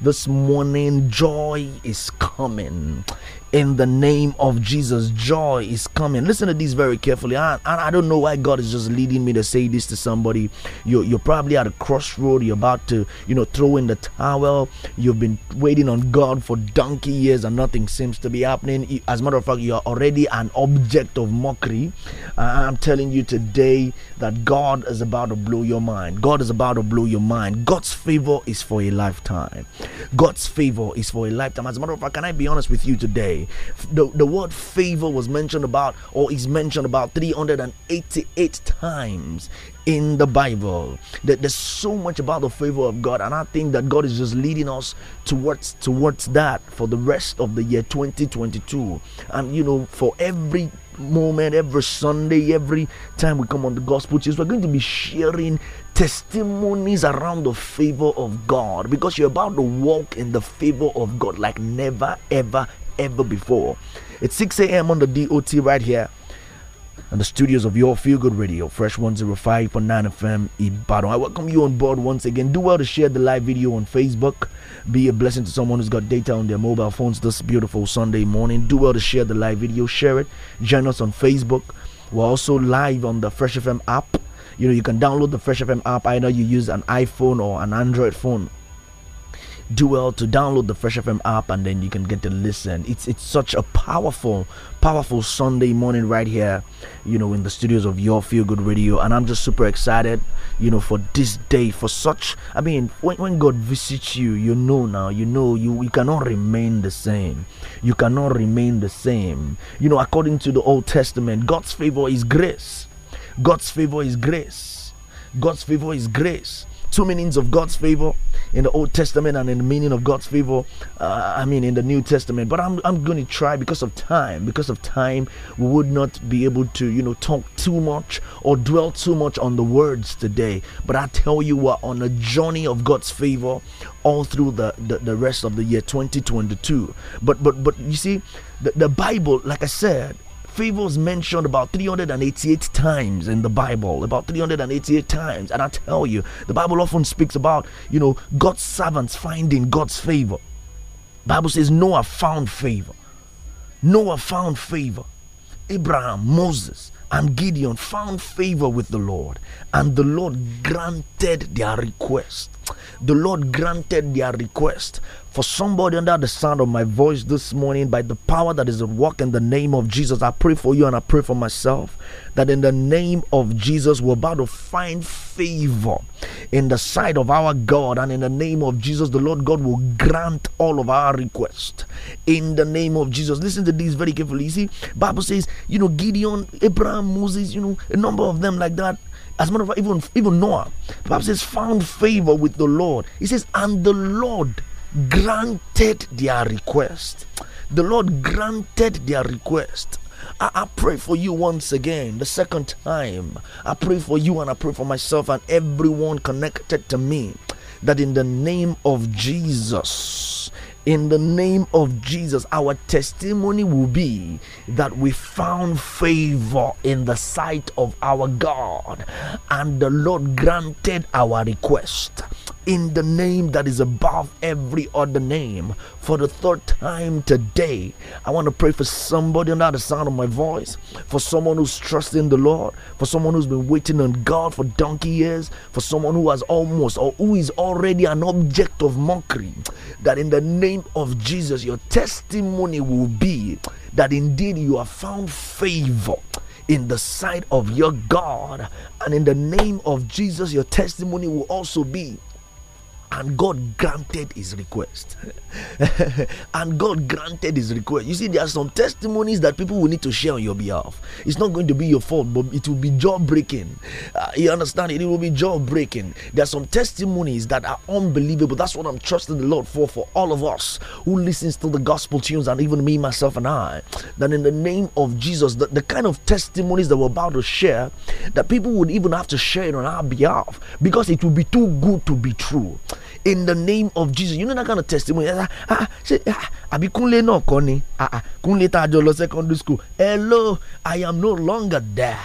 This morning, joy is coming in the name of Jesus. Joy is coming. Listen to this very carefully. I, I don't know why God is just leading me to say this to somebody. You're, you're probably at a crossroad. You're about to, you know, throw in the towel. You've been waiting on God for donkey years and nothing seems to be happening. As a matter of fact, you're already an object of mockery. I'm telling you today that God is about to blow your mind. God is about to blow your mind. God's favor is for a lifetime. God's favor is for a lifetime. As a matter of fact, can I be honest with you today? The, the word favor was mentioned about or is mentioned about 388 times in the Bible. That there's so much about the favor of God, and I think that God is just leading us towards towards that for the rest of the year 2022. And you know, for every moment, every Sunday, every time we come on the gospel church, we're going to be sharing testimonies around the favor of God because you're about to walk in the favor of God like never ever ever before. It's 6 a.m. on the DOT right here and the studios of your Feel Good Radio, Fresh 105.9 FM, Ibadan. I welcome you on board once again. Do well to share the live video on Facebook. Be a blessing to someone who's got data on their mobile phones this beautiful Sunday morning. Do well to share the live video, share it. Join us on Facebook. We're also live on the Fresh FM app. You know, you can download the Fresh FM app. Either you use an iPhone or an Android phone do well to download the Fresh FM app and then you can get to listen. It's it's such a powerful, powerful Sunday morning right here, you know, in the studios of Your Feel Good Radio. And I'm just super excited, you know, for this day, for such. I mean, when, when God visits you, you know now, you know, you, you cannot remain the same. You cannot remain the same. You know, according to the Old Testament, God's favor is grace. God's favor is grace. God's favor is grace. Two meanings of God's favor in the Old Testament and in the meaning of God's favor, uh, I mean, in the New Testament. But I'm, I'm going to try because of time. Because of time, we would not be able to, you know, talk too much or dwell too much on the words today. But I tell you, we're on a journey of God's favor all through the, the, the rest of the year 2022. But, but, but you see, the, the Bible, like I said, Favors mentioned about 388 times in the Bible, about 388 times. And I tell you, the Bible often speaks about, you know, God's servants finding God's favor. Bible says Noah found favor. Noah found favor. Abraham, Moses, and Gideon found favor with the Lord, and the Lord granted their request. The Lord granted their request. For somebody under the sound of my voice this morning, by the power that is at work in the name of Jesus, I pray for you and I pray for myself that in the name of Jesus, we're about to find favor in the sight of our God. And in the name of Jesus, the Lord God will grant all of our requests in the name of Jesus. Listen to this very carefully. You see, Bible says, you know, Gideon, Abraham, Moses, you know, a number of them like that as a matter of fact, even, even Noah, perhaps says, found favor with the Lord. He says, and the Lord granted their request. The Lord granted their request. I, I, pray for you once again, the second time. I pray for you and I pray for myself and everyone connected to me that in the name of Jesus, in the name of Jesus, our testimony will be that we found favor in the sight of our God, and the Lord granted our request in the name that is above every other name. For the third time today, I want to pray for somebody under the sound of my voice, for someone who's trusting the Lord, for someone who's been waiting on God for donkey years, for someone who has almost or who is already an object of mockery, that in the name name of Jesus, your testimony will be that indeed you have found favor in the sight of your God. And in the name of Jesus, your testimony will also be and God granted his request. and God granted his request. You see, there are some testimonies that people will need to share on your behalf. It's not going to be your fault, but it will be jaw breaking. Uh, you understand? It will be jaw breaking. There are some testimonies that are unbelievable. That's what I'm trusting the Lord for, for all of us who listens to the gospel tunes and even me, myself, and I. That in the name of Jesus, the, the kind of testimonies that we're about to share, that people would even have to share it on our behalf because it will be too good to be true in the name of Jesus. You know that kind of testimony. I ah, ah, ah, àbí Kúnlé náà kọ́ ni? Kúnlé tá jọ lọ secondary school. Hello, I am no longer there.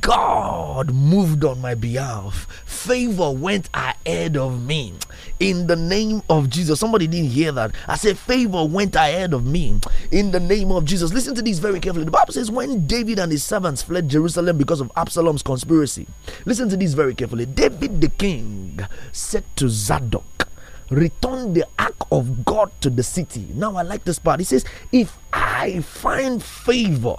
God moved on my behalf. Favor went ahead of me. In the name of Jesus. Somebody didn't hear that. I said, Favor went ahead of me. In the name of Jesus. Listen to this very carefully. The Bible says, When David and his servants fled Jerusalem because of Absalom's conspiracy, listen to this very carefully. David the king said to Zadok, return the ark of God to the city. Now I like this part. He says, If I find favor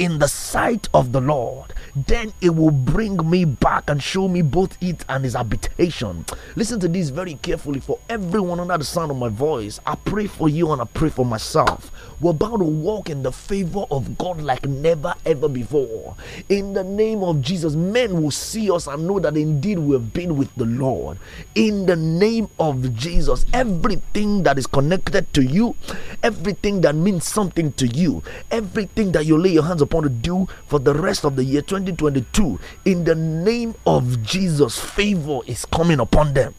in the sight of the Lord. Then it will bring me back and show me both it and his habitation. Listen to this very carefully for everyone under the sound of my voice. I pray for you and I pray for myself. We're about to walk in the favor of God like never ever before. In the name of Jesus, men will see us and know that indeed we have been with the Lord. In the name of Jesus, everything that is connected to you, everything that means something to you, everything that you lay your hands upon to do for the rest of the year 2022, in the name of Jesus, favor is coming upon them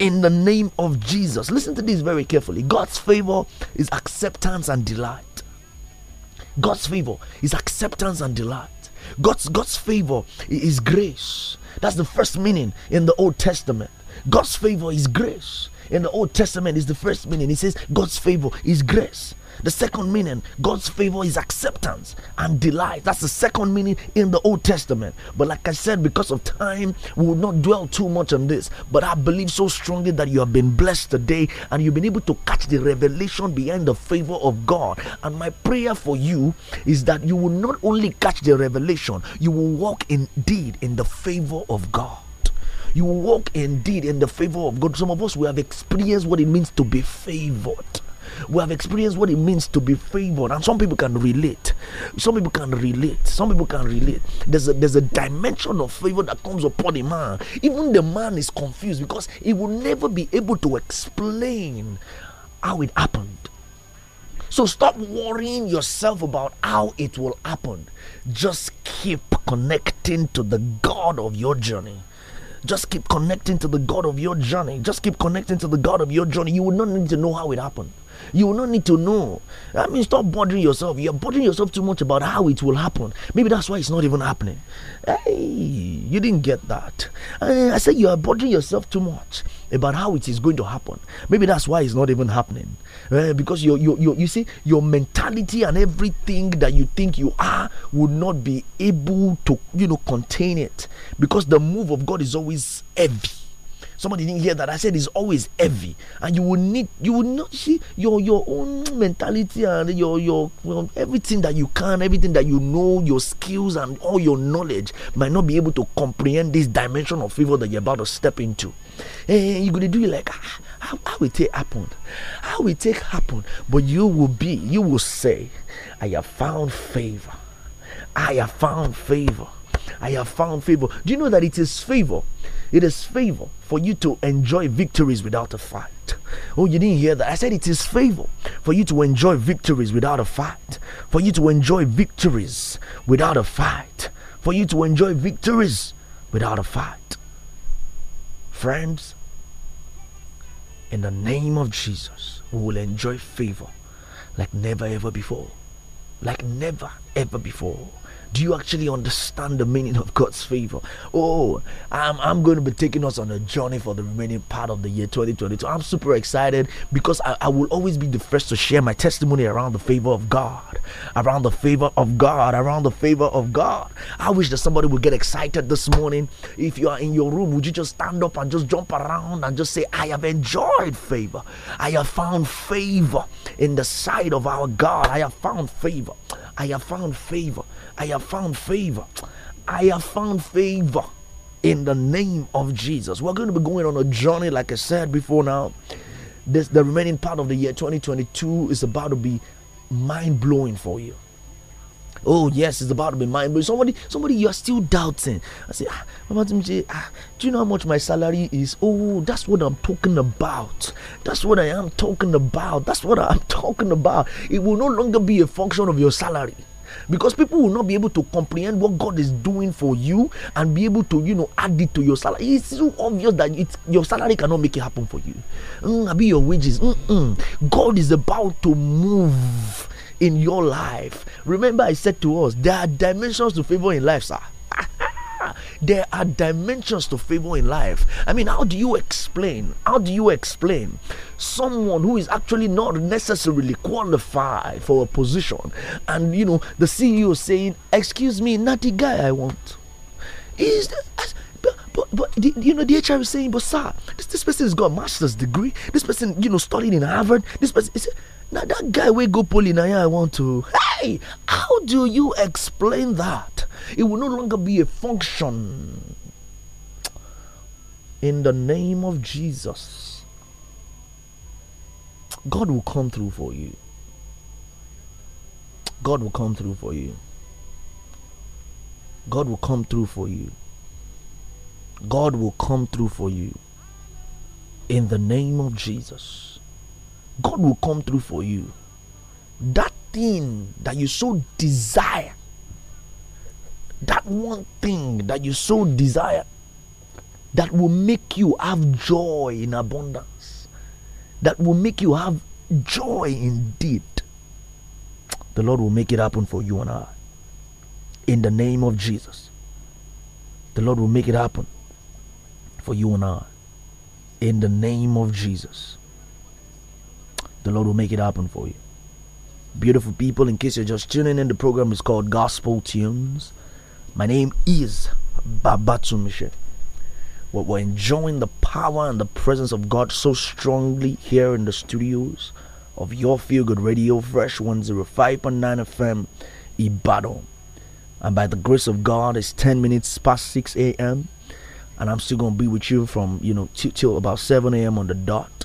in the name of Jesus. Listen to this very carefully. God's favor is acceptance and delight. God's favor is acceptance and delight. God's, God's favor is grace. That's the first meaning in the Old Testament. God's favor is grace. In the Old Testament is the first meaning. It says God's favor is grace. The second meaning, God's favor is acceptance and delight. That's the second meaning in the Old Testament. But like I said, because of time, we will not dwell too much on this. But I believe so strongly that you have been blessed today and you've been able to catch the revelation behind the favor of God. And my prayer for you is that you will not only catch the revelation, you will walk indeed in the favor of God you walk indeed in the favor of God. Some of us, we have experienced what it means to be favored. We have experienced what it means to be favored, and some people can relate. Some people can relate. Some people can relate. There's a, there's a dimension of favor that comes upon a man. Even the man is confused because he will never be able to explain how it happened. So stop worrying yourself about how it will happen. Just keep connecting to the God of your journey. Just keep connecting to the God of your journey. Just keep connecting to the God of your journey. You will not need to know how it happened. You will not need to know. I mean, stop bothering yourself. You're bothering yourself too much about how it will happen. Maybe that's why it's not even happening. Hey, you didn't get that. I, eh, I said you are bothering yourself too much about how it is going to happen. Maybe that's why it's not even happening. Uh, because you, you, you, you see, your mentality and everything that you think you are would not be able to, you know, contain it. Because the move of God is always heavy. Somebody didn't hear that. I said it's always heavy, and you will need you will not see your your own mentality and your your well, everything that you can, everything that you know, your skills and all your knowledge might not be able to comprehend this dimension of favor that you're about to step into. And you're gonna do it like ah, how, how will it happen? How will it happen? But you will be, you will say, I have found favor. I have found favor. I have found favor. Do you know that it is favor it is favor for you to enjoy victories without a fight. Oh, you didn't hear that. I said it is favor for you to enjoy victories without a fight. For you to enjoy victories without a fight. For you to enjoy victories without a fight. Friends, in the name of Jesus, we will enjoy favor like never ever before. Like never ever before. Do you actually understand the meaning of God's favor? Oh, I'm, I'm going to be taking us on a journey for the remaining part of the year 2022. I'm super excited because I, I will always be the first to share my testimony around the favor of God, around the favor of God, around the favor of God. I wish that somebody would get excited this morning. If you are in your room, would you just stand up and just jump around and just say, I have enjoyed favor. I have found favor in the sight of our God. I have found favor. I have found favor. I have found favor. I have found favor in the name of Jesus. We're going to be going on a journey, like I said before now. This the remaining part of the year 2022 is about to be mind blowing for you. Oh yes, it's about to be mind blowing. Somebody, somebody, you're still doubting. I say, ah, Mama ah, do you know how much my salary is? Oh, that's what I'm talking about. That's what I am talking about. That's what I'm talking about. It will no longer be a function of your salary because people will not be able to comprehend what God is doing for you and be able to, you know, add it to your salary. It's so obvious that it's, your salary cannot make it happen for you. Mm, be your wages. Mm-mm. God is about to move in your life. Remember, I said to us, there are dimensions to favor in life, sir. There are dimensions to favor in life. I mean, how do you explain? How do you explain someone who is actually not necessarily qualified for a position and, you know, the CEO saying, Excuse me, not the guy I want? Is that, but, but, but you know, the HR is saying, But sir, this, this person has got a master's degree. This person, you know, studied in Harvard. This person is. Now that guy we go pulling, I want to. Hey, how do you explain that? It will no longer be a function. In the name of Jesus, God will come through for you. God will come through for you. God will come through for you. God will come through for you. In the name of Jesus. God will come through for you. That thing that you so desire, that one thing that you so desire, that will make you have joy in abundance, that will make you have joy indeed. The Lord will make it happen for you and I. In the name of Jesus, the Lord will make it happen for you and I. In the name of Jesus. The Lord will make it happen for you. Beautiful people, in case you're just tuning in, the program is called Gospel Tunes. My name is Babatsumishe. We're enjoying the power and the presence of God so strongly here in the studios of Your Feel Good Radio, Fresh 105.9 FM, Ibadan. And by the grace of God, it's 10 minutes past 6 a.m. And I'm still going to be with you from, you know, t- till about 7 a.m. on the dot.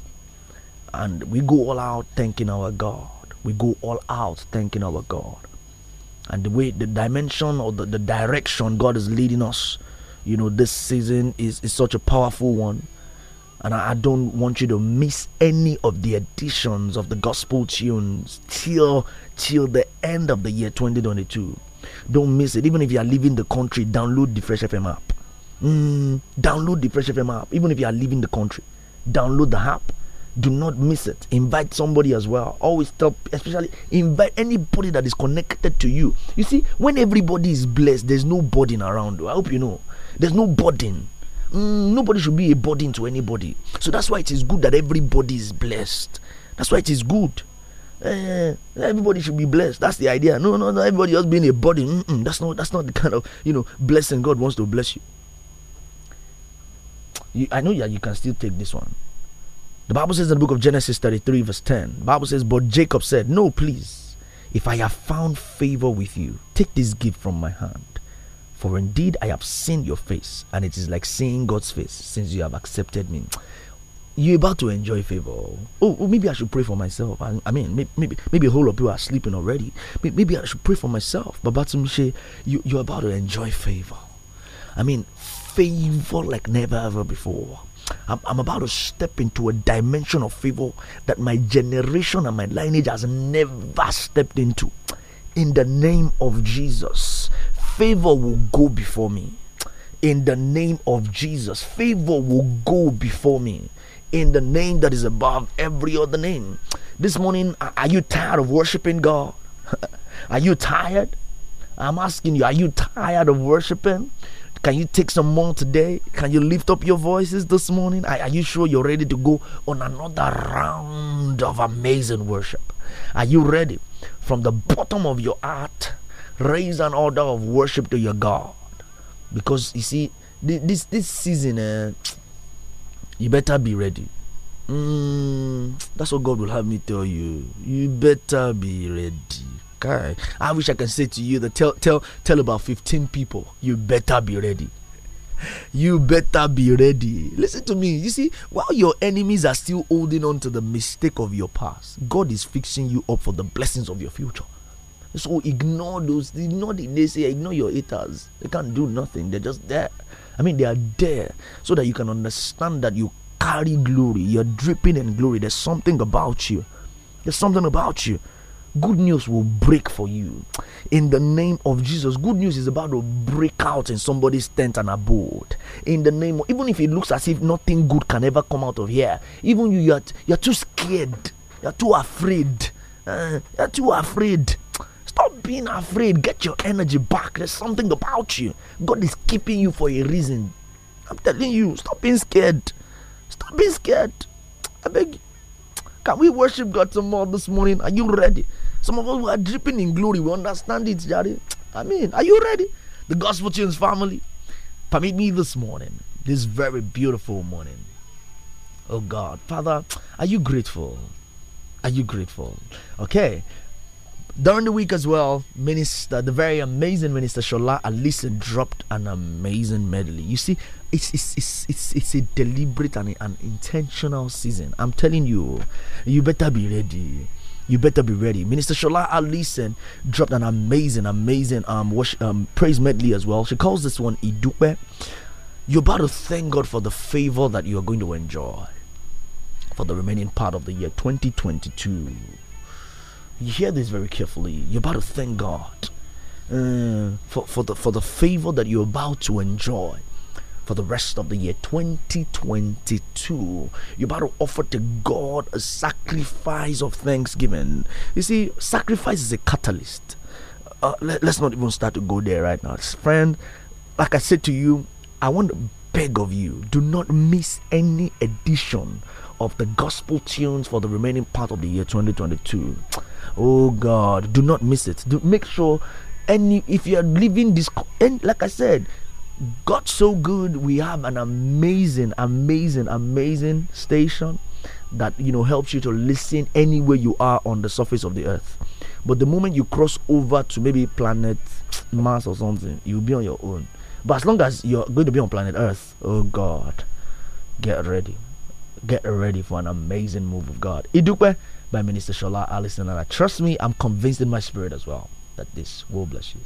And we go all out thanking our God. We go all out thanking our God. And the way, the dimension or the, the direction God is leading us, you know, this season is, is such a powerful one. And I, I don't want you to miss any of the additions of the gospel tunes till till the end of the year 2022. Don't miss it. Even if you are leaving the country, download the Fresh FM app. Mm, download the Fresh FM app. Even if you are leaving the country, download the app do not miss it. Invite somebody as well. Always tell, especially invite anybody that is connected to you. You see, when everybody is blessed, there's no burden around. I hope you know. There's no burden. Mm, nobody should be a burden to anybody. So that's why it is good that everybody is blessed. That's why it is good. Uh, everybody should be blessed. That's the idea. No, no, no. Everybody just being a burden. Mm-mm, that's not. That's not the kind of you know blessing God wants to bless you. you I know Yeah, you can still take this one. The Bible says in the book of Genesis 33, verse 10, the Bible says, But Jacob said, No, please, if I have found favor with you, take this gift from my hand. For indeed I have seen your face, and it is like seeing God's face, since you have accepted me. You're about to enjoy favor. Oh, oh, maybe I should pray for myself. I, I mean, maybe, maybe, a whole lot of people are sleeping already. Maybe I should pray for myself. But Batumshe, you, you're about to enjoy favor. I mean, favor like never ever before. I'm, I'm about to step into a dimension of favor that my generation and my lineage has never stepped into. In the name of Jesus, favor will go before me. In the name of Jesus, favor will go before me in the name that is above every other name. This morning, are you tired of worshiping God? are you tired? I'm asking you, are you tired of worshiping? Can you take some more today? Can you lift up your voices this morning? Are, are you sure you're ready to go on another round of amazing worship? Are you ready from the bottom of your heart? Raise an order of worship to your God. Because you see, this this season, uh, you better be ready. Mm, that's what God will have me tell you. You better be ready. I wish I can say to you that tell tell tell about 15 people, you better be ready. You better be ready. Listen to me. You see, while your enemies are still holding on to the mistake of your past, God is fixing you up for the blessings of your future. So ignore those, ignore the they say, ignore your haters. They can't do nothing. They're just there. I mean, they are there so that you can understand that you carry glory. You're dripping in glory. There's something about you. There's something about you good news will break for you in the name of Jesus. Good news is about to break out in somebody's tent and abode. In the name of, even if it looks as if nothing good can ever come out of here, even you, you're, you're too scared, you're too afraid, uh, eh, you're too afraid. Stop being afraid. Get your energy back. There's something about you. God is keeping you for a reason. I'm telling you, stop being scared. Stop being scared. I beg you. Can we worship God some more this morning? Are you ready? Some of us were are dripping in glory. We understand it, Jerry. I mean, are you ready? The Gospel Tunes family, permit me this morning, this very beautiful morning. Oh God, Father, are you grateful? Are you grateful? Okay. During the week as well, Minister, the very amazing Minister Shola Alisa dropped an amazing medley. You see, it's it's it's it's, a deliberate and an intentional season. I'm telling you, you better be ready. You better be ready. Minister Shola Alison dropped an amazing, amazing um, um praise medley as well. She calls this one Idupe. You're about to thank God for the favor that you are going to enjoy for the remaining part of the year 2022. You hear this very carefully. You're about to thank God. Uh, for, for the for the favor that you're about to enjoy for the rest of the year 2022. You're about to offer to God a sacrifice of thanksgiving. You see, sacrifice is a catalyst. Uh, let, us not even start to go there right now. Friend, like I said to you, I want to beg of you do not miss any edition of the gospel tunes for the remaining part of the year 2022. Oh God, do not miss it. Do make sure any if you are living this and like I said, got so good we have an amazing amazing amazing station that you know helps you to listen anywhere you are on the surface of the earth but the moment you cross over to maybe planet mars or something you'll be on your own but as long as you're going to be on planet earth oh god get ready get ready for an amazing move of god idupe by minister shola allison and i trust me i'm convinced in my spirit as well that this will bless you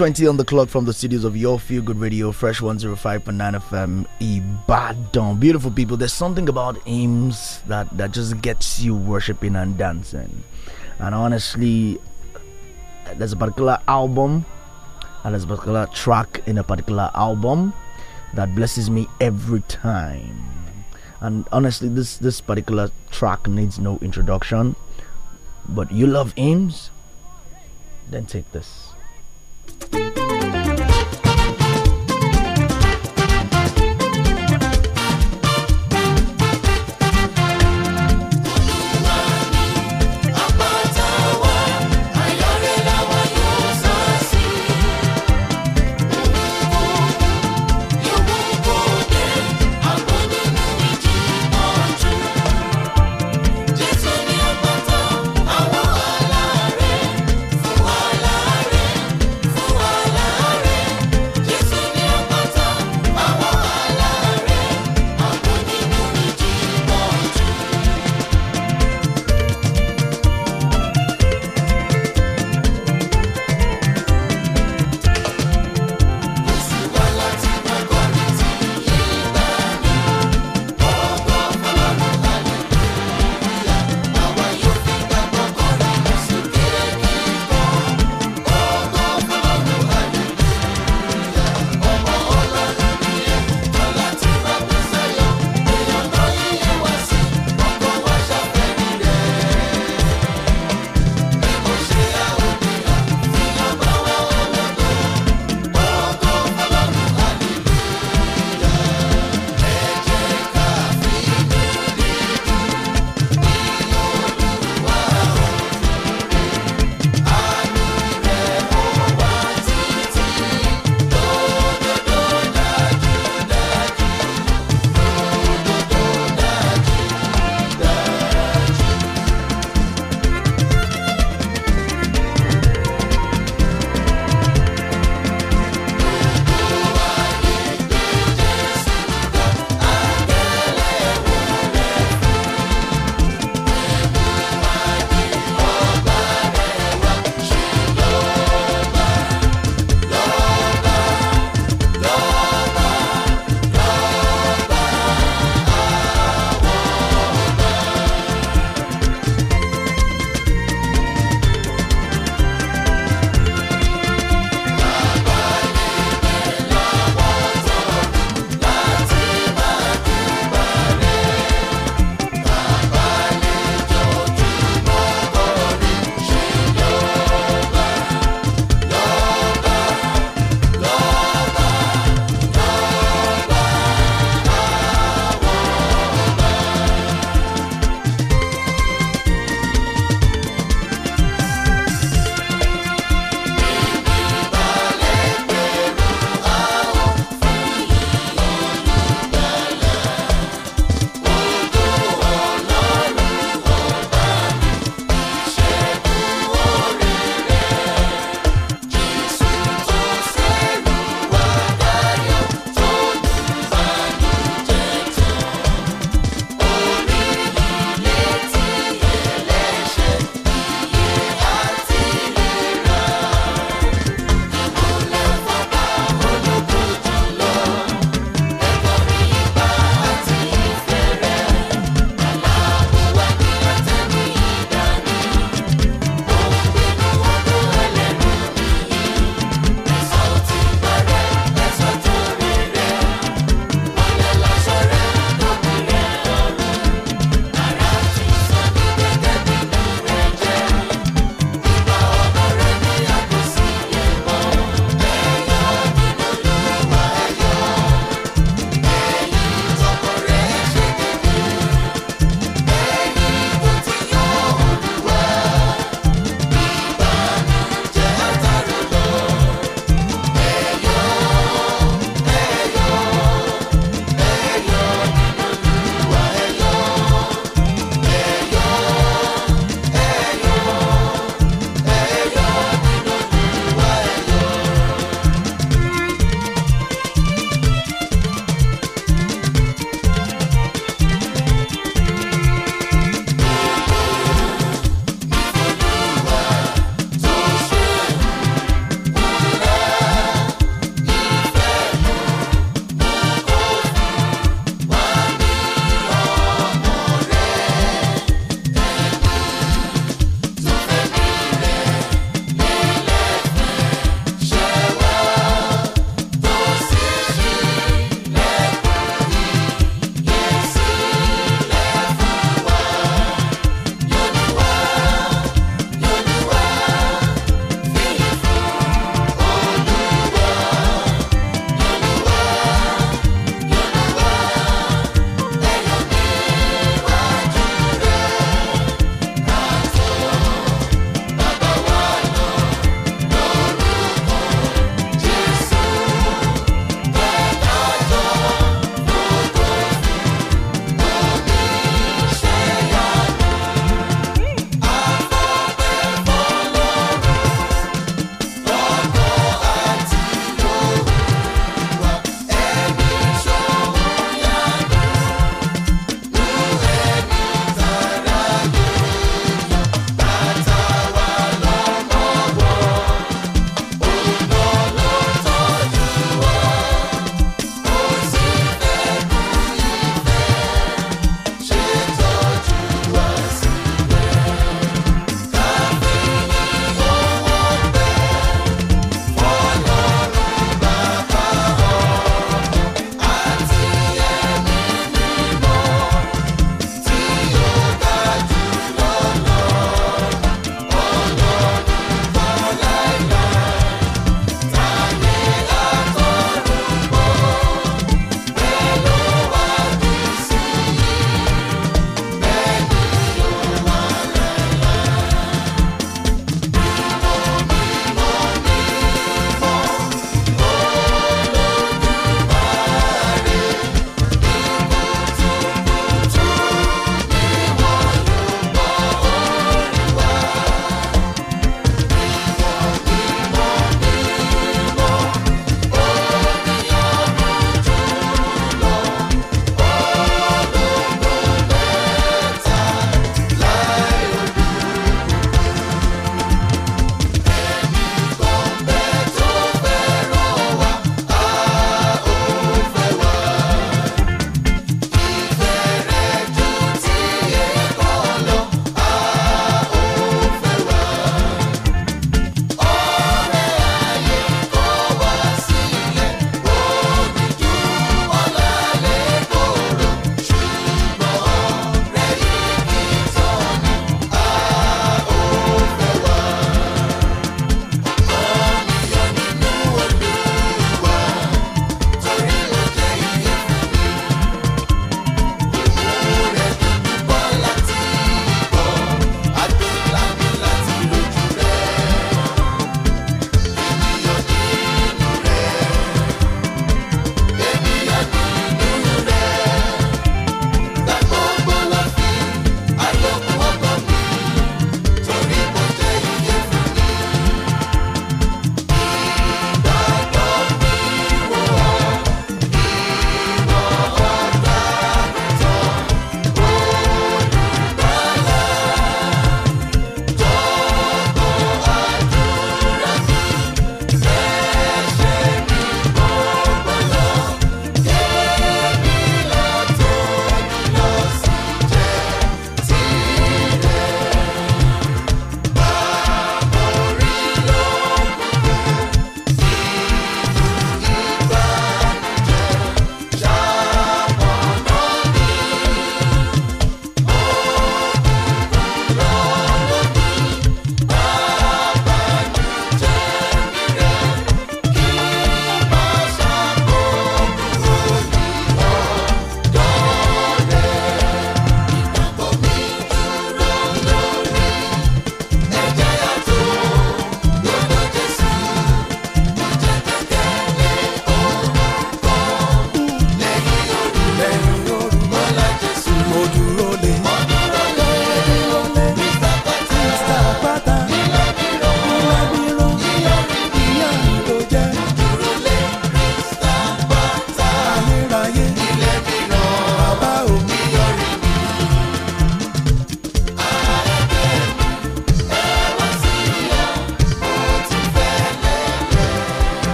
Twenty on the clock from the studios of Your Feel Good Radio, Fresh 105.9 FM, Ibadan. Beautiful people, there's something about aims that, that just gets you worshipping and dancing. And honestly, there's a particular album and there's a particular track in a particular album that blesses me every time. And honestly, this, this particular track needs no introduction. But you love aims? Then take this.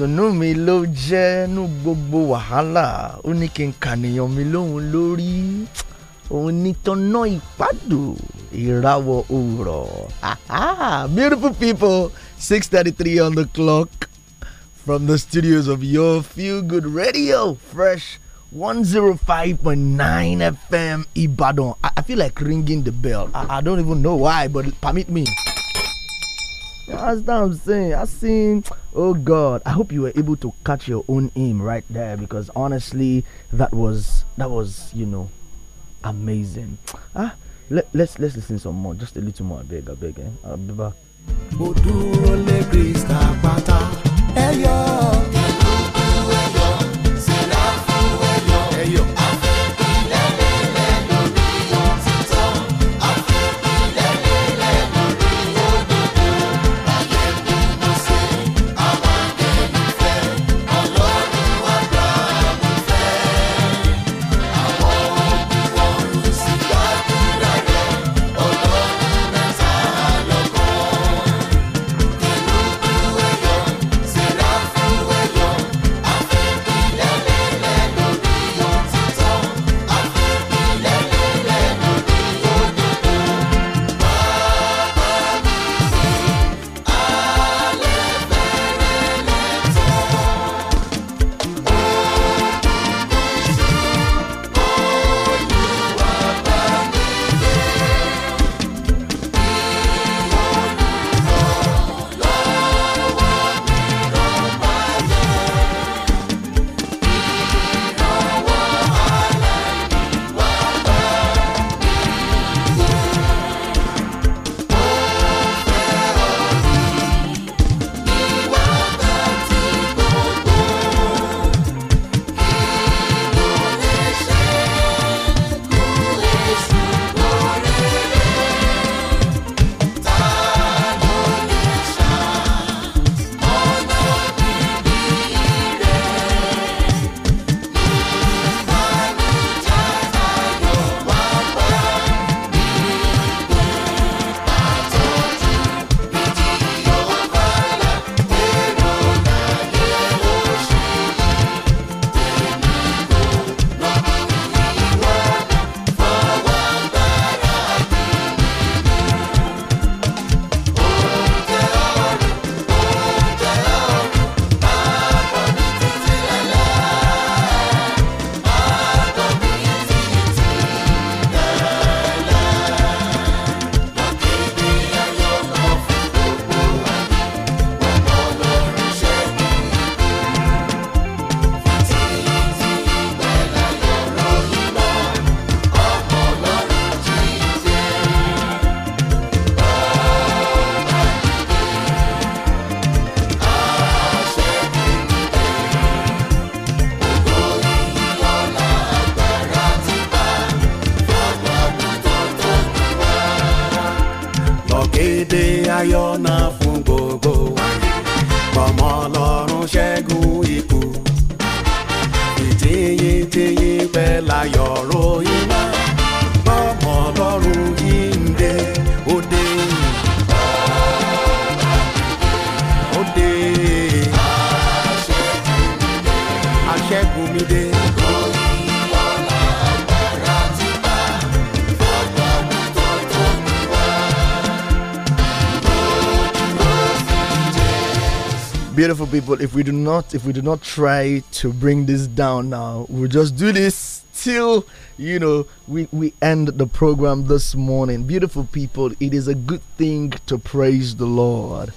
ìsùnú mi ló jẹ́ nú gbogbo wàhálà ó ní kí n kànìyàn mi lóhun lórí òun ní tọ́nà ìpàdù ìràwọ̀ òwúrọ̀ beautiful people six thirty three on the clock from the studios of your feel good radio fresh. 105.9 FM Ibadan. I, I, feel like ringing the bell. I, I don't even know why, but permit me. That's what I'm saying. I seen. Oh God, I hope you were able to catch your own aim right there because honestly, that was that was you know, amazing. Ah, let let's let's listen some more, just a little more. I beg, I beg. Eh? I'll be back. beautiful people if we do not if we do not try to bring this down now we'll just do this till you know we we end the program this morning beautiful people it is a good thing to praise the lord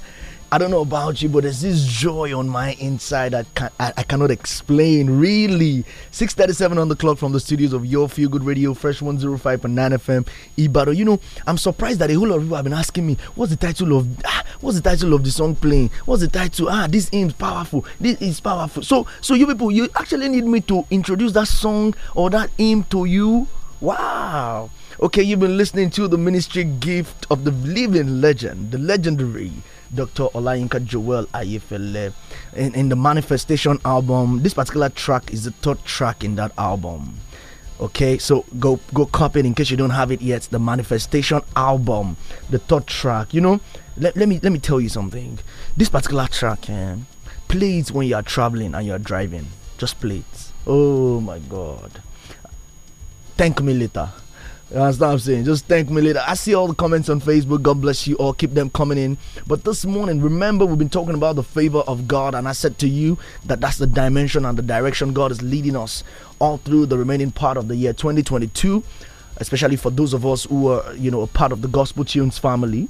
I don't know about you, but there's this joy on my inside that can, I, I, cannot explain. Really, 6:37 on the clock from the studios of Your Feel Good Radio, Fresh 105.9 FM, Ibaro. You know, I'm surprised that a whole lot of people have been asking me, "What's the title of? Ah, what's the title of the song playing? What's the title? Ah, this is powerful. This is powerful." So, so you people, you actually need me to introduce that song or that hymn to you. Wow. Okay, you've been listening to the ministry gift of the living legend, the legendary Dr. Olayinka Joel Ayefele. In, in the Manifestation album, this particular track is the third track in that album. Okay, so go go copy it in case you don't have it yet. The Manifestation album, the third track. You know, let, let me let me tell you something. This particular track, man. play it when you are traveling and you are driving. Just play it. Oh my God. Thank me later. Uh, that's what I'm saying. Just thank me later. I see all the comments on Facebook. God bless you all. Keep them coming in. But this morning, remember, we've been talking about the favor of God. And I said to you that that's the dimension and the direction God is leading us all through the remaining part of the year 2022, especially for those of us who are, you know, a part of the Gospel Tunes family.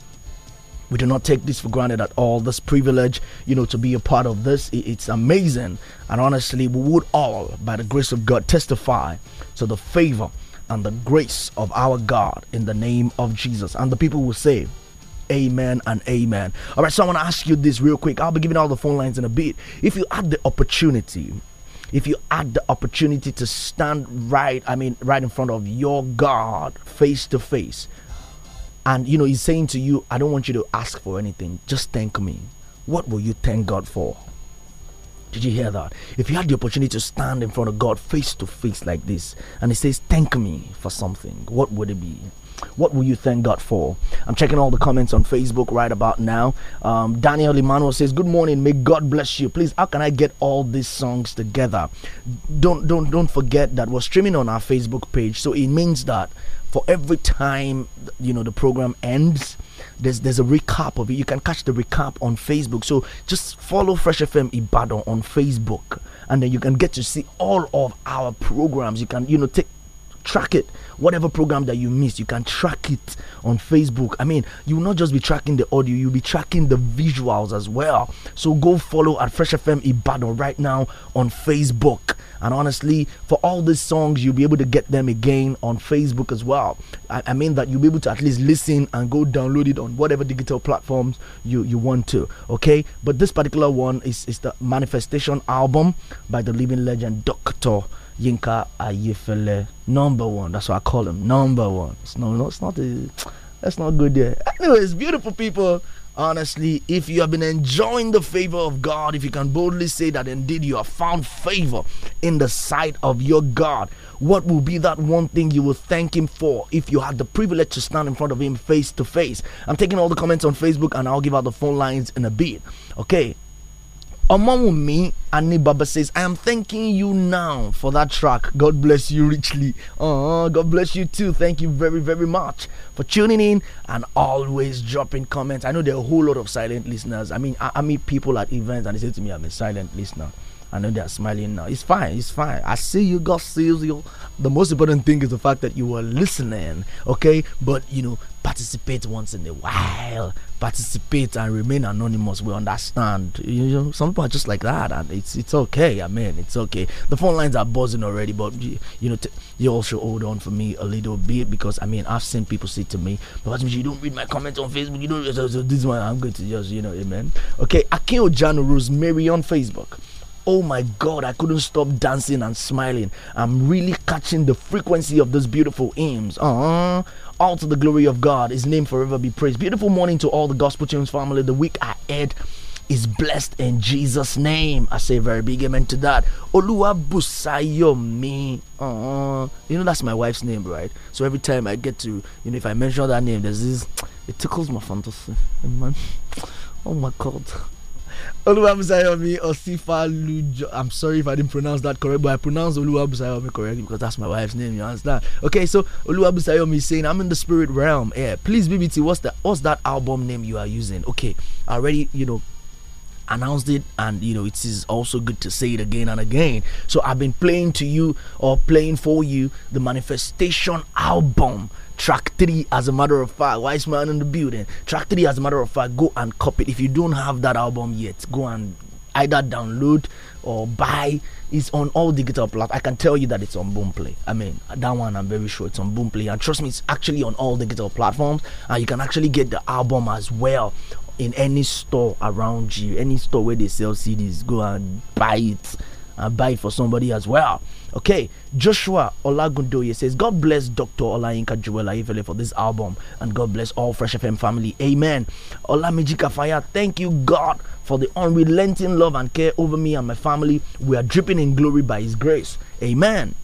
We do not take this for granted at all. This privilege, you know, to be a part of this, it's amazing. And honestly, we would all, by the grace of God, testify to the favor and the grace of our God in the name of Jesus. And the people will say, Amen and amen. All right, so I want to ask you this real quick. I'll be giving out the phone lines in a bit. If you had the opportunity, if you had the opportunity to stand right, I mean, right in front of your God face to face, and you know, He's saying to you, I don't want you to ask for anything, just thank me. What will you thank God for? Did you hear that? If you had the opportunity to stand in front of God face to face like this and He says, Thank me for something, what would it be? What will you thank God for? I'm checking all the comments on Facebook right about now. Um, Daniel Emmanuel says, "Good morning. May God bless you. Please, how can I get all these songs together? Don't don't don't forget that we're streaming on our Facebook page, so it means that for every time you know the program ends." there's there's a recap of it. You can catch the recap on Facebook. So just follow Fresh FM Ibadan on Facebook, and then you can get to see all of our programs. You can you know take track it whatever program that you miss you can track it on facebook i mean you will not just be tracking the audio you'll be tracking the visuals as well so go follow at fresh fm ibadan right now on facebook and honestly for all these songs you'll be able to get them again on facebook as well i, I mean that you'll be able to at least listen and go download it on whatever digital platforms you you want to okay but this particular one is is the manifestation album by the living legend dr Yinka Ayefele, number one. That's what I call him, number one. It's no, no, it's not a, that's not good there. Anyways, beautiful people. Honestly, if you have been enjoying the favor of God, if you can boldly say that indeed you have found favor in the sight of your God, what will be that one thing you will thank Him for if you had the privilege to stand in front of Him face to face? I'm taking all the comments on Facebook and I'll give out the phone lines in a bit. Okay, me, Annie Baba says, I am thanking you now for that track. God bless you richly. Oh, God bless you too. Thank you very, very much for tuning in and always dropping comments. I know there are a whole lot of silent listeners. I mean, I, I meet people at events and they say to me, I'm a silent listener. I know they're smiling now. It's fine. It's fine. I see you. God sees you. The most important thing is the fact that you are listening. Okay, but you know, participate once in a while. Participate and remain anonymous. We understand. You know, some people are just like that, and it's it's okay. I mean, it's okay. The phone lines are buzzing already, but you, you know, you also hold on for me a little bit because I mean, I've seen people say to me, "But you don't read my comments on Facebook. You don't." So, so this one, I'm going to just you know, amen. Okay, Akin Ojano Rosemary on Facebook. Oh my God, I couldn't stop dancing and smiling. I'm really catching the frequency of those beautiful hymns. Uh-huh. All to the glory of God. His name forever be praised. Beautiful morning to all the Gospel Tunes family. The week ahead is blessed in Jesus' name. I say very big amen to that. Olua Busayomi. Uh, uh-huh. you know that's my wife's name, right? So every time I get to, you know, if I mention that name, there's this. It tickles my fantasy. Amen. Oh my God. Oluwabusayomi Osifalujo. I'm sorry if I didn't pronounce that correct, but I pronounced Oluwabusayomi correctly because that's my wife's name. You understand? Okay, so Oluwabusayomi is saying, "I'm in the spirit realm." Yeah, please, BBT, what's that? What's that album name you are using? Okay, I already, you know, announced it and you know it is also good to say it again and again so i've been playing to you or playing for you the manifestation album Track 3, as a matter of fact, Wise Man in the Building. Track 3, as a matter of fact, go and copy it. If you don't have that album yet, go and either download or buy. It's on all digital platforms. I can tell you that it's on Boomplay. I mean, that one I'm very sure it's on Boomplay. And trust me, it's actually on all digital platforms. And you can actually get the album as well in any store around you. Any store where they sell CDs, go and buy it. And buy it for somebody as well. Okay, Joshua Olagundoye says, God bless Dr. Olainka Juwela Ivele for this album, and God bless all Fresh FM family. Amen. Olamiji Fire, thank you, God, for the unrelenting love and care over me and my family. We are dripping in glory by His grace. Amen.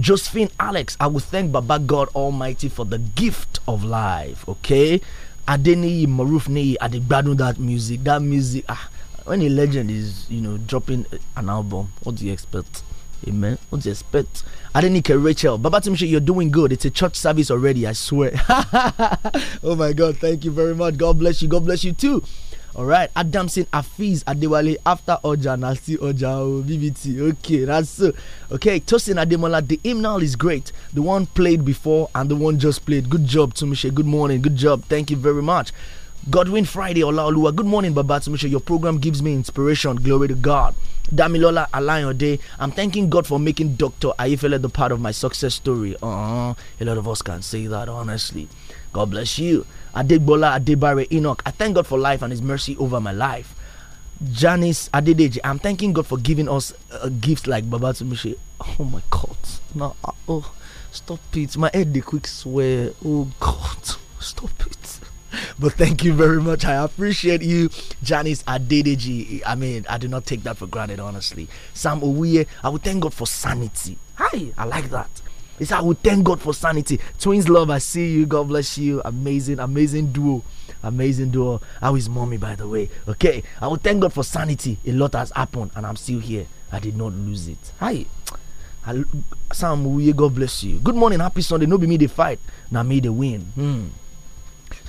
Josephine Alex, I will thank Baba God Almighty for the gift of life. Okay, Adeni, Marufni Adigbadun, that music, that music. Ah, when a legend is, you know, dropping an album, what do you expect? Amen. What do you expect? Adenike Rachel, Baba Timshi, you're doing good. It's a church service already, I swear. oh my God, thank you very much. God bless you. God bless you too. All right, Adamson Afiz Adewale after Oja Nasi Oja oh, BBT. Okay, that's so. Okay, Tosin Ademola, the hymnal is great. The one played before and the one just played. Good job, Tumishe. Good morning. Good job. Thank you very much. Godwin Friday Olaoluwa. Good morning, Babatunde. Your program gives me inspiration. Glory to God. Damilola day. I'm thanking God for making Dr. Ayefele the part of my success story. Uh, a lot of us can say that, honestly. God bless you. Adegbola Adebare Enoch. I thank God for life and His mercy over my life. Janice Adedeji. I'm thanking God for giving us a uh, gift like Babatunde. Oh my God. No, uh, oh, stop it. My head, the quick swear. Oh God, stop it but thank you very much. I appreciate you, Janice Adedeji. I mean, I do not take that for granted, honestly. Sam Owuye, I will thank God for sanity. Hi, I like that. It's I will thank God for sanity. Twins love, I see you. God bless you. Amazing, amazing duo. Amazing duo. How is mommy, by the way? Okay, I will thank God for sanity. A lot has happened, and I'm still here. I did not lose it. Hi. Sam we God bless you. Good morning, happy Sunday. No be me the fight. Now me the win. Hmm.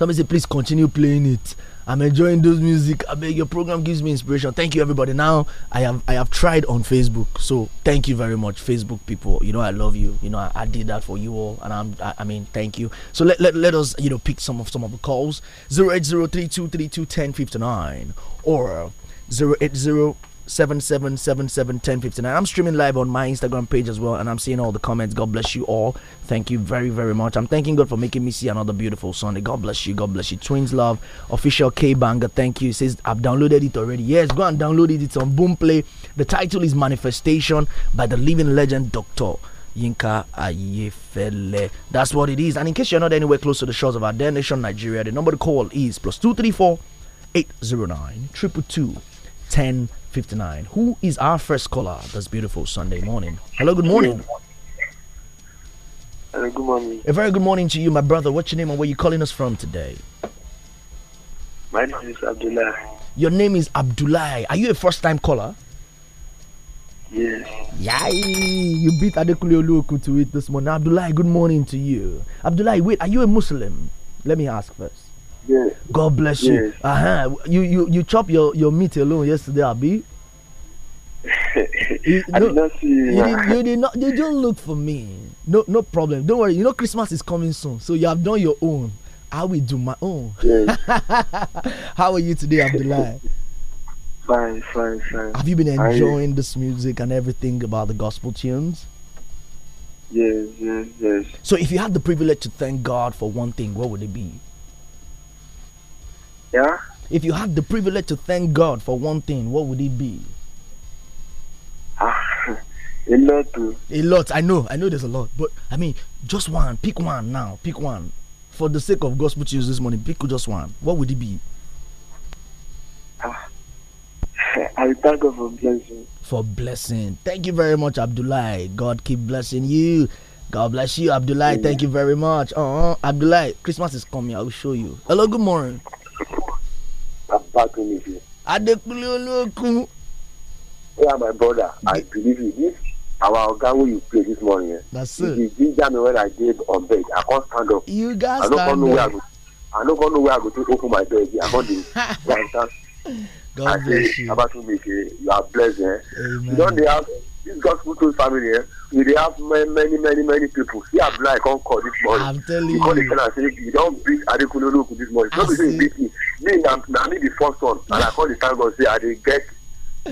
Somebody say, please continue playing it. I'm enjoying those music. I beg your program gives me inspiration. Thank you, everybody. Now I have I have tried on Facebook, so thank you very much, Facebook people. You know I love you. You know I, I did that for you all, and I'm I, I, mean thank you. So let, let let us you know pick some of some of the calls zero eight zero three two three two ten fifty nine or zero eight zero. 080 77771059. I'm streaming live on my Instagram page as well, and I'm seeing all the comments. God bless you all. Thank you very, very much. I'm thanking God for making me see another beautiful Sunday. God bless you. God bless you. Twins Love, official K Banger. Thank you. It says, I've downloaded it already. Yes, go and download it. It's on Boom Play. The title is Manifestation by the living legend Dr. Yinka Ayefele. That's what it is. And in case you're not anywhere close to the shores of our dear nation, Nigeria, the number to call is plus 234 809 222 59. Who is our first caller this beautiful Sunday morning? Hello, good morning. Hello, good morning. A very good morning to you, my brother. What's your name and where you calling us from today? My name is Abdullah. Your name is Abdullah. Are you a first time caller? Yes. Yay! You beat Adekule Oluoku to it this morning. Abdullah, good morning to you. Abdullah, wait, are you a Muslim? Let me ask first. Yes. God bless yes. you. Uh-huh. You you you chop your, your meat alone yesterday, Abi. you, I no, did not see you. You did, you did not. You look for me. No no problem. Don't worry. You know Christmas is coming soon, so you have done your own. I will do my own. Yes. How are you today, Abdullah? fine, fine, fine. Have you been enjoying this music and everything about the gospel tunes? Yes, yes, yes. So, if you had the privilege to thank God for one thing, what would it be? Yeah. If you had the privilege to thank God for one thing, what would it be? Ah, a lot. Oh. A lot. I know. I know there's a lot, but I mean, just one. Pick one now. Pick one. For the sake of gospel tunes this morning, pick just one. What would it be? Ah, I thank God for blessing. For blessing. Thank you very much, Abdullah. God keep blessing you. God bless you, Abdullah. Yeah. Thank you very much. Uh, -huh. Abdullah, Christmas is coming. I will show you. Hello. Good morning battling issue. Adekunle Olókun. They my brother. I believe in this. Our guy who you play this morning. Eh? That's it. He ginger me when I did on bed. I can't stand up. You guys stand up. I don't know where I go. I no go know where I go to open my bed. I go dey write down. God I bless say, you. Abatumike, you are blessed. Eh? Amen. You don dey have this gospel tone family eh we dey have many many many many people see abdullahi come call this morning i'm telling you he call the fellow say you don beat adekunloloku this morning no be say he beat me me na na me the first one and i call the thank god say i dey get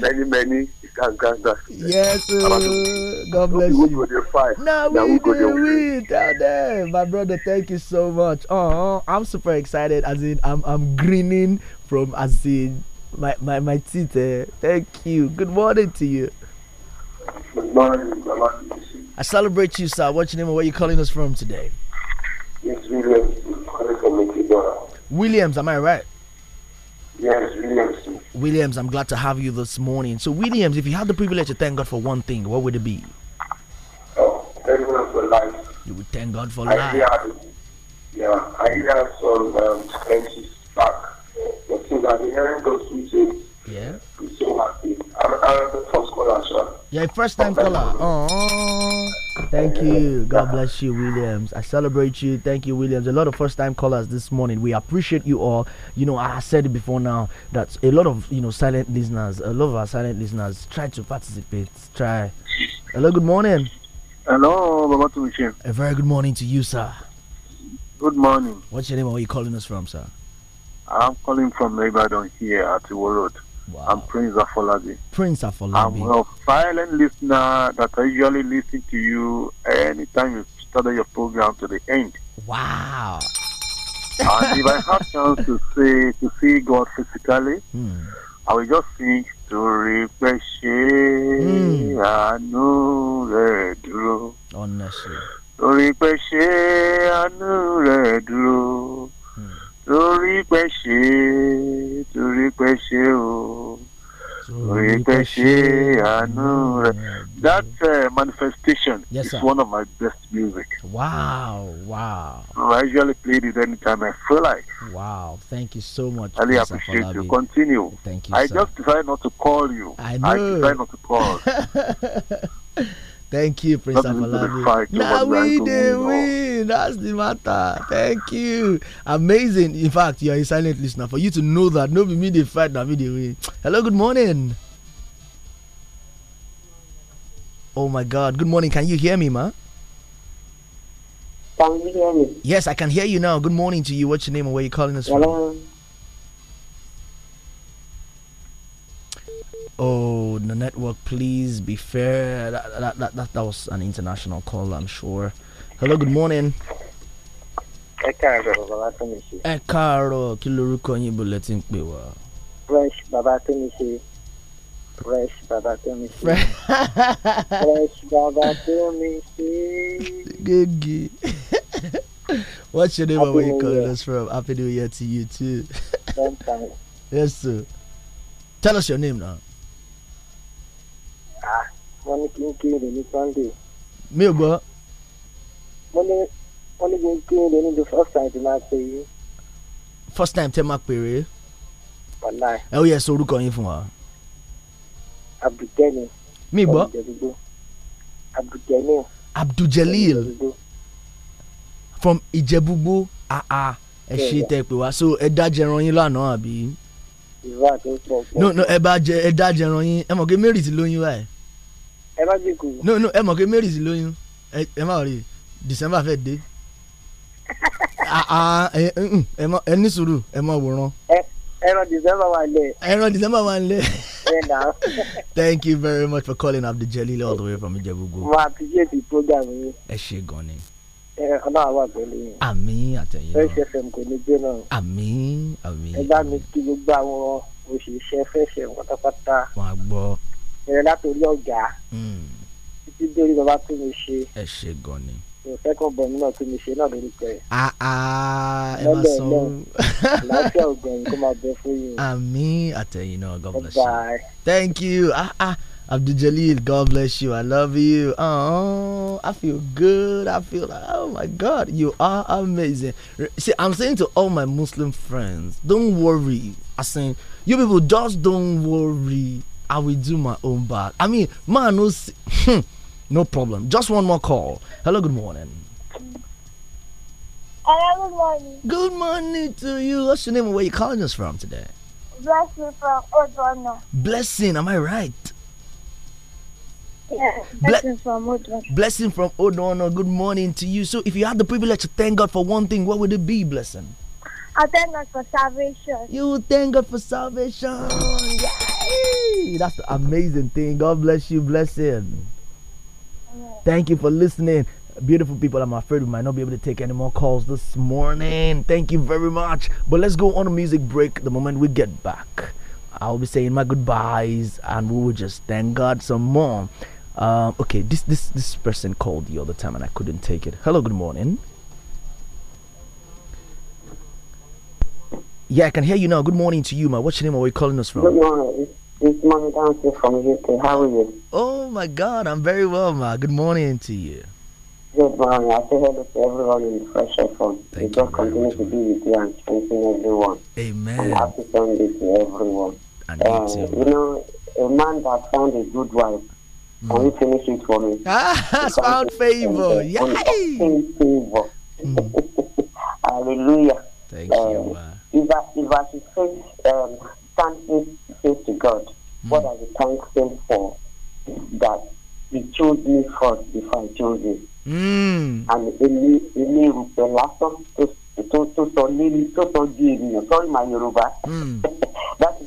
many many grand grand grand. yes ooo eh, god bless you. No, we go dey fight na we dey win my brother thank you so much Oh, i'm super excited as in i'm i'm grinning from as in my my my teeth eh thank you good morning to you. I celebrate you, sir. What's your name and where you calling us from today? It's Williams. Williams, am I right? Yes, Williams. Williams, I'm glad to have you this morning. So, Williams, if you had the privilege to thank God for one thing, what would it be? Oh, thank God for life. You would thank God for I life. Had, yeah, I have some um, back. But since i hearing those things, yeah. so much. I'm first caller, sir. Yeah, first time caller. Oh, thank you. God bless you, Williams. I celebrate you. Thank you, Williams. A lot of first time callers this morning. We appreciate you all. You know, I said it before now that a lot of you know silent listeners, a lot of our silent listeners try to participate. Try. Hello, good morning. Hello, Babatu A very good morning to you, sir. Good morning. What's your name? Where are you calling us from, sir? I'm calling from Ibadan here at the Road. Wow. I'm Prince Afolabi. Prince Afolabi. I'm a silent listener that I usually listen to you anytime you started your program to the end. Wow. and if I have chance to see to see God physically, hmm. I will just sing to refresh I know the duro. Honestly. To refresh I know the torí pẹ́ ṣe torí pẹ́ ṣe o torí pẹ́ ṣe àánú rẹ̀ that uh, manifestation yes, is sir. one of my best music. wow wow. I usually play it anytime I feel like. wow thank you so much. I really appreciate Afolabi. you continue. thank you I sir. just decided not to call you. I know I decided not to call. Thank you, Prince Afalabi. Now we did oh. win. That's the matter. Thank you. Amazing. In fact, you are a silent listener. For you to know that, nobody me the fight, now me the win. Hello, good morning. Oh my God. Good morning. Can you hear me, ma? Can you hear me? Yes, I can hear you now. Good morning to you. What's your name and where you calling us Hello. from? oh the network please be fair that, that, that, that, that was an international call i'm sure hello good morning ẹ káàárọ̀ bàbá wa tó mi ṣe. ẹ káàárọ̀ kí lorúkọ yín bó lẹ ń pè wá. fresh bàbá tó fresh bàbá tó fresh bàbá tó gègé what's your name and where you calling us from happy new year to you too. yes sir tell us your name now. wọn ní kí n kí n lè ní sunday. mi ò gbọ́. wọ́n ní wọ́n ní kí n kí n lè ní the first time tí máa pè é. first time tẹ́ máa pèrè. wàláì. ẹ ó yẹ sọ orúkọ yín fún wa. abdulkani. mi gbọ́. abdulkani. abduljalil from ìjẹ̀búgbó àà ah, ah. ẹ ṣe tẹ pé wá so ẹ dá jẹran yín lánàá àbí. ìwà tó pọ̀ pọ̀. no no ẹ bá jẹ ẹ dá jẹran yín ẹ mọ̀ pé mary ti lóyún báyìí ẹ má gbé kúrò. no no ẹ mọ̀ pé mary lóyún ẹ má rí december fẹ́ dé ah, ah, mm, ẹ ní sùúrù ẹ má wòran. ẹran december wà lẹ. ẹran december wà lẹ. thank you very much for calling abduljalil all the way from ijebugu. mo appreciate the program yìí. ẹ ṣe gan ni ọlọ́run wà pẹ̀lú yín. àmín àtẹ̀yìn náà fresh fm kò ní gbé náà. àmín àmín. ẹ bá mi kí gbogbo àwọn òṣìṣẹ́ fresh fm pátápátá. wọn á gbọ́. bẹ̀rẹ̀ látòrí ọ̀gá hmm. títí dórí bàbá tó mi ṣe. ẹ ṣe gan ni. mo fẹ́ kàn bọ̀ nínú tó mi ṣe náà lórí pẹ̀. Ah, ah, ẹ má sọ ọ́. láìpẹ́ ọ̀gbìn kó máa bẹ fún yín. àmín àtẹ̀yìn náà God bless you. bye. thank you. Ah, ah. Abdul Jalil, God bless you. I love you. Oh, I feel good. I feel like, oh my God, you are amazing. See, I'm saying to all my Muslim friends, don't worry. I saying, you people just don't worry. I will do my own back. I mean, man, no, hmm, no problem. Just one more call. Hello, good morning. Hello, good morning. Good morning to you. What's your name and where you calling us from today? Blessing from Odono. Blessing, am I right? Yeah, blessing Ble from Odono. Blessing from Odono. Good morning to you. So, if you had the privilege to thank God for one thing, what would it be, blessing? I thank God for salvation. You thank God for salvation. Yay! That's the amazing thing. God bless you. Blessing. Thank you for listening. Beautiful people, I'm afraid we might not be able to take any more calls this morning. Thank you very much. But let's go on a music break the moment we get back. I'll be saying my goodbyes and we will just thank God some more. Um, okay, this this this person called the other time and I couldn't take it. Hello, good morning. Yeah, I can hear you now. Good morning to you, ma. What's your name? Where are you calling us from? Good morning. It's Mohammed Ansel from UK. How are you? Oh my God, I'm very well, ma. Good morning to you. Good morning. I say hello to everyone in the Fresh phone. Thank you. God continue to be with you and strengthen everyone. Amen. And happy Sunday to everyone. And uh, you, you know, a man that found a good wife. Mm. Can you finish it for me? Ah, found favor. Yay! Favor. Mm. Hallelujah. Thank uh, you, um, ma. If I, if I should say um, stand face to God, mm. what are the thanks him for that he chose me first before I chose him? Mm. And the last one, tó tó tó sọ lérí tó sọ di ènìyàn sọ́ọ́ ìmọ̀ Yorùbá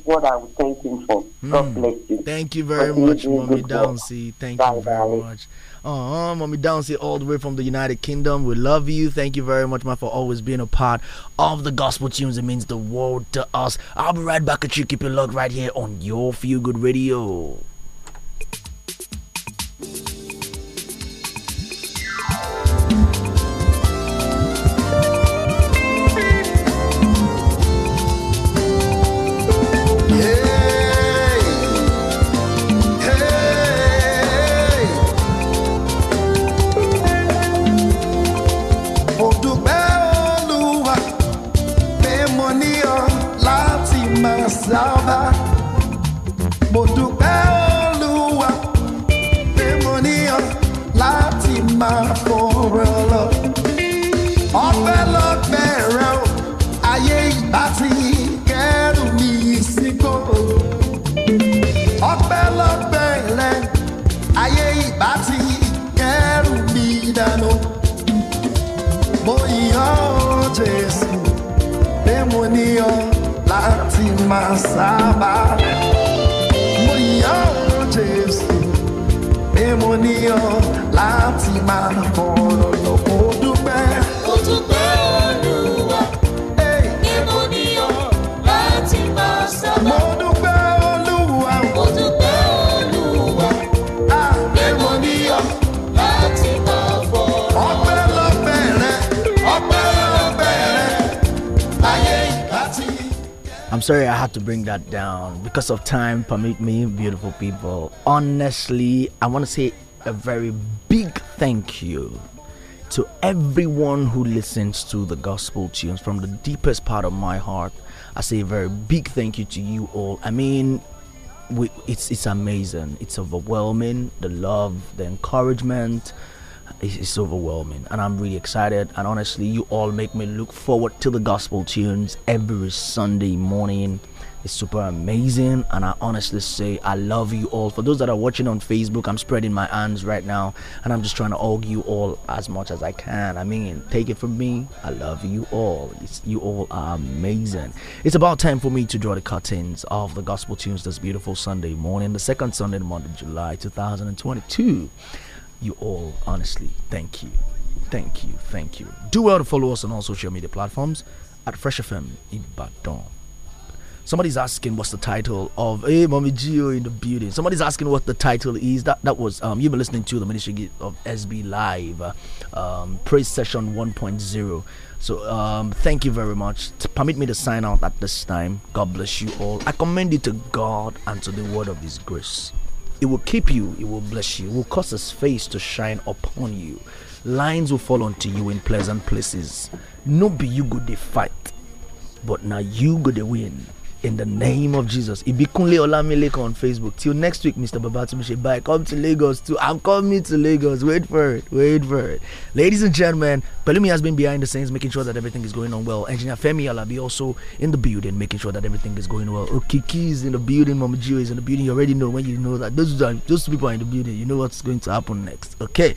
what I would thank him for. Mm. God bless you. Thank you very much, Mommy Downsy. Thank bye, you very bye. much. Uh-huh, Mommy Downsy, all the way from the United Kingdom. We love you. Thank you very much, man, for always being a part of the gospel tunes. It means the world to us. I'll be right back at you. Keep your luck right here on your Feel Good Radio. masaba mo yàn jésù pé mo níyàn láti máa bọ̀. I'm sorry I had to bring that down because of time. Permit me, beautiful people. Honestly, I want to say a very big thank you to everyone who listens to the gospel tunes from the deepest part of my heart. I say a very big thank you to you all. I mean, we, it's it's amazing. It's overwhelming. The love, the encouragement, it's, it's overwhelming and i'm really excited and honestly you all make me look forward to the gospel tunes every sunday morning it's super amazing and i honestly say i love you all for those that are watching on facebook i'm spreading my hands right now and i'm just trying to hug you all as much as i can i mean take it from me i love you all it's, you all are amazing it's about time for me to draw the curtains of the gospel tunes this beautiful sunday morning the second sunday morning july 2022 you all. Honestly, thank you. Thank you. Thank you. Do well to follow us on all social media platforms at Fresh FM Ibadan. Somebody's asking what's the title of Hey Mommy Geo in the building. Somebody's asking what the title is. That that was um, you've been listening to the Ministry of SB Live um, Praise Session 1.0. So um, thank you very much. Permit me to sign out at this time. God bless you all. I commend you to God and to the word of His grace. It will keep you, it will bless you, it will cause his face to shine upon you. Lines will fall unto you in pleasant places. No be you go the fight, but now you go the win in the name of Jesus. Ibikunle Olamileko on Facebook. Till next week, Mr. Babatunde Bye. Come to Lagos too. I'm coming to Lagos. Wait for it. Wait for it. Ladies and gentlemen, Pelumi has been behind the scenes making sure that everything is going on well. Engineer Femi Alabi also in the building making sure that everything is going well. Okiki is in the building. Mama Gio is in the building. You already know when you know that those, are, those people are in the building. You know what's going to happen next. Okay.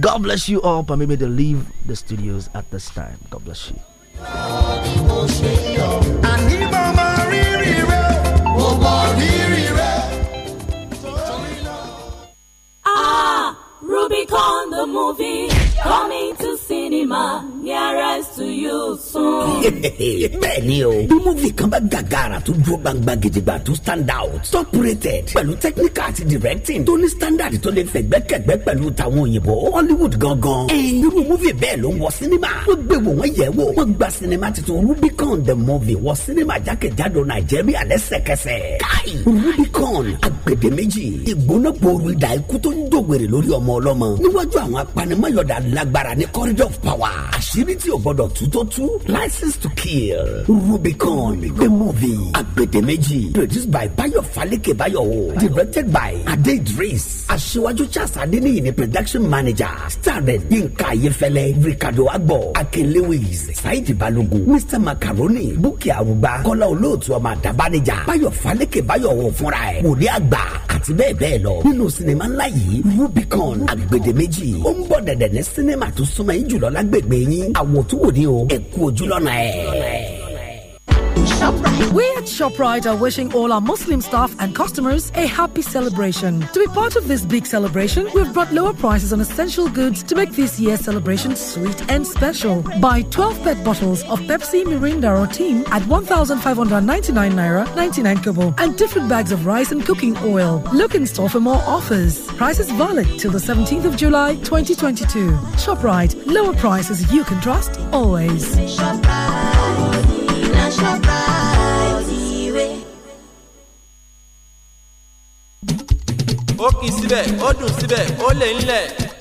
God bless you all. Permit me to leave the studios at this time. God bless you. bẹ́ẹ̀ ni o bí múvì kan bá gàgàrà tó dúró gbangba gidigba tó stand out top rated pẹ̀lú technical àti directing tó ní standard tó lè fẹ̀gbẹ́kẹ̀gbẹ́ pẹ̀lú tàwọn òyìnbó hollywood gangan irú múvì bẹ́ẹ̀ ló ń wọ sinima wọ́n gbé wò wọ́n yẹ̀ wò wọ́n gba sinima titun rubicon the movie wọ sinima jákèjádò nàìjíríà lẹ́sẹ̀kẹsẹ̀ ká three rubicon agbedeméjì ìgbóná gbòòrò ìdá ikú tó ń dògbèrè lórí ọmọ ọlọ́mọ níwájú àwọn apanimọ̀yọ̀dà lágbára ní corridor of power àṣírí tí o gbọdọ̀ tú tó tú license to kill rubicon the movie agbedeméjì produced by bayo falike bayowo directed by ade idris aṣíwájú charles adeniyi ni production manager starred yinka ayefẹlẹ ricardo agbo akin lewis saidi balogun mr macaroni bukki arugba kọ́lá olóòtú ọmọ àdàbánijà bayo falike bayowo fáyọ̀wọ̀ fúnra ẹ̀ wòlíì àgbà àti bẹ́ẹ̀ bẹ́ẹ̀ lọ nínú sinimá ńlá yìí rubicon àgbèdè méjì ó ń bọ̀ dẹ̀dẹ̀ ní sinimá tó súnmọ́ yín jùlọ lágbègbè yín àwòtúwò ni o ẹ kú ojú lọ́nà ẹ̀. ShopRite. We at ShopRite are wishing all our Muslim staff and customers a happy celebration. To be part of this big celebration, we've brought lower prices on essential goods to make this year's celebration sweet and special. Buy 12 pet bottles of Pepsi, Mirinda, or Team at 1,599 naira 99 kobo and different bags of rice and cooking oil. Look in store for more offers. Prices valid till the 17th of July 2022. ShopRite, lower prices you can trust always. ShopRite. ó kì í síbẹ̀ ó dùn síbẹ̀ ó lè ń lẹ̀.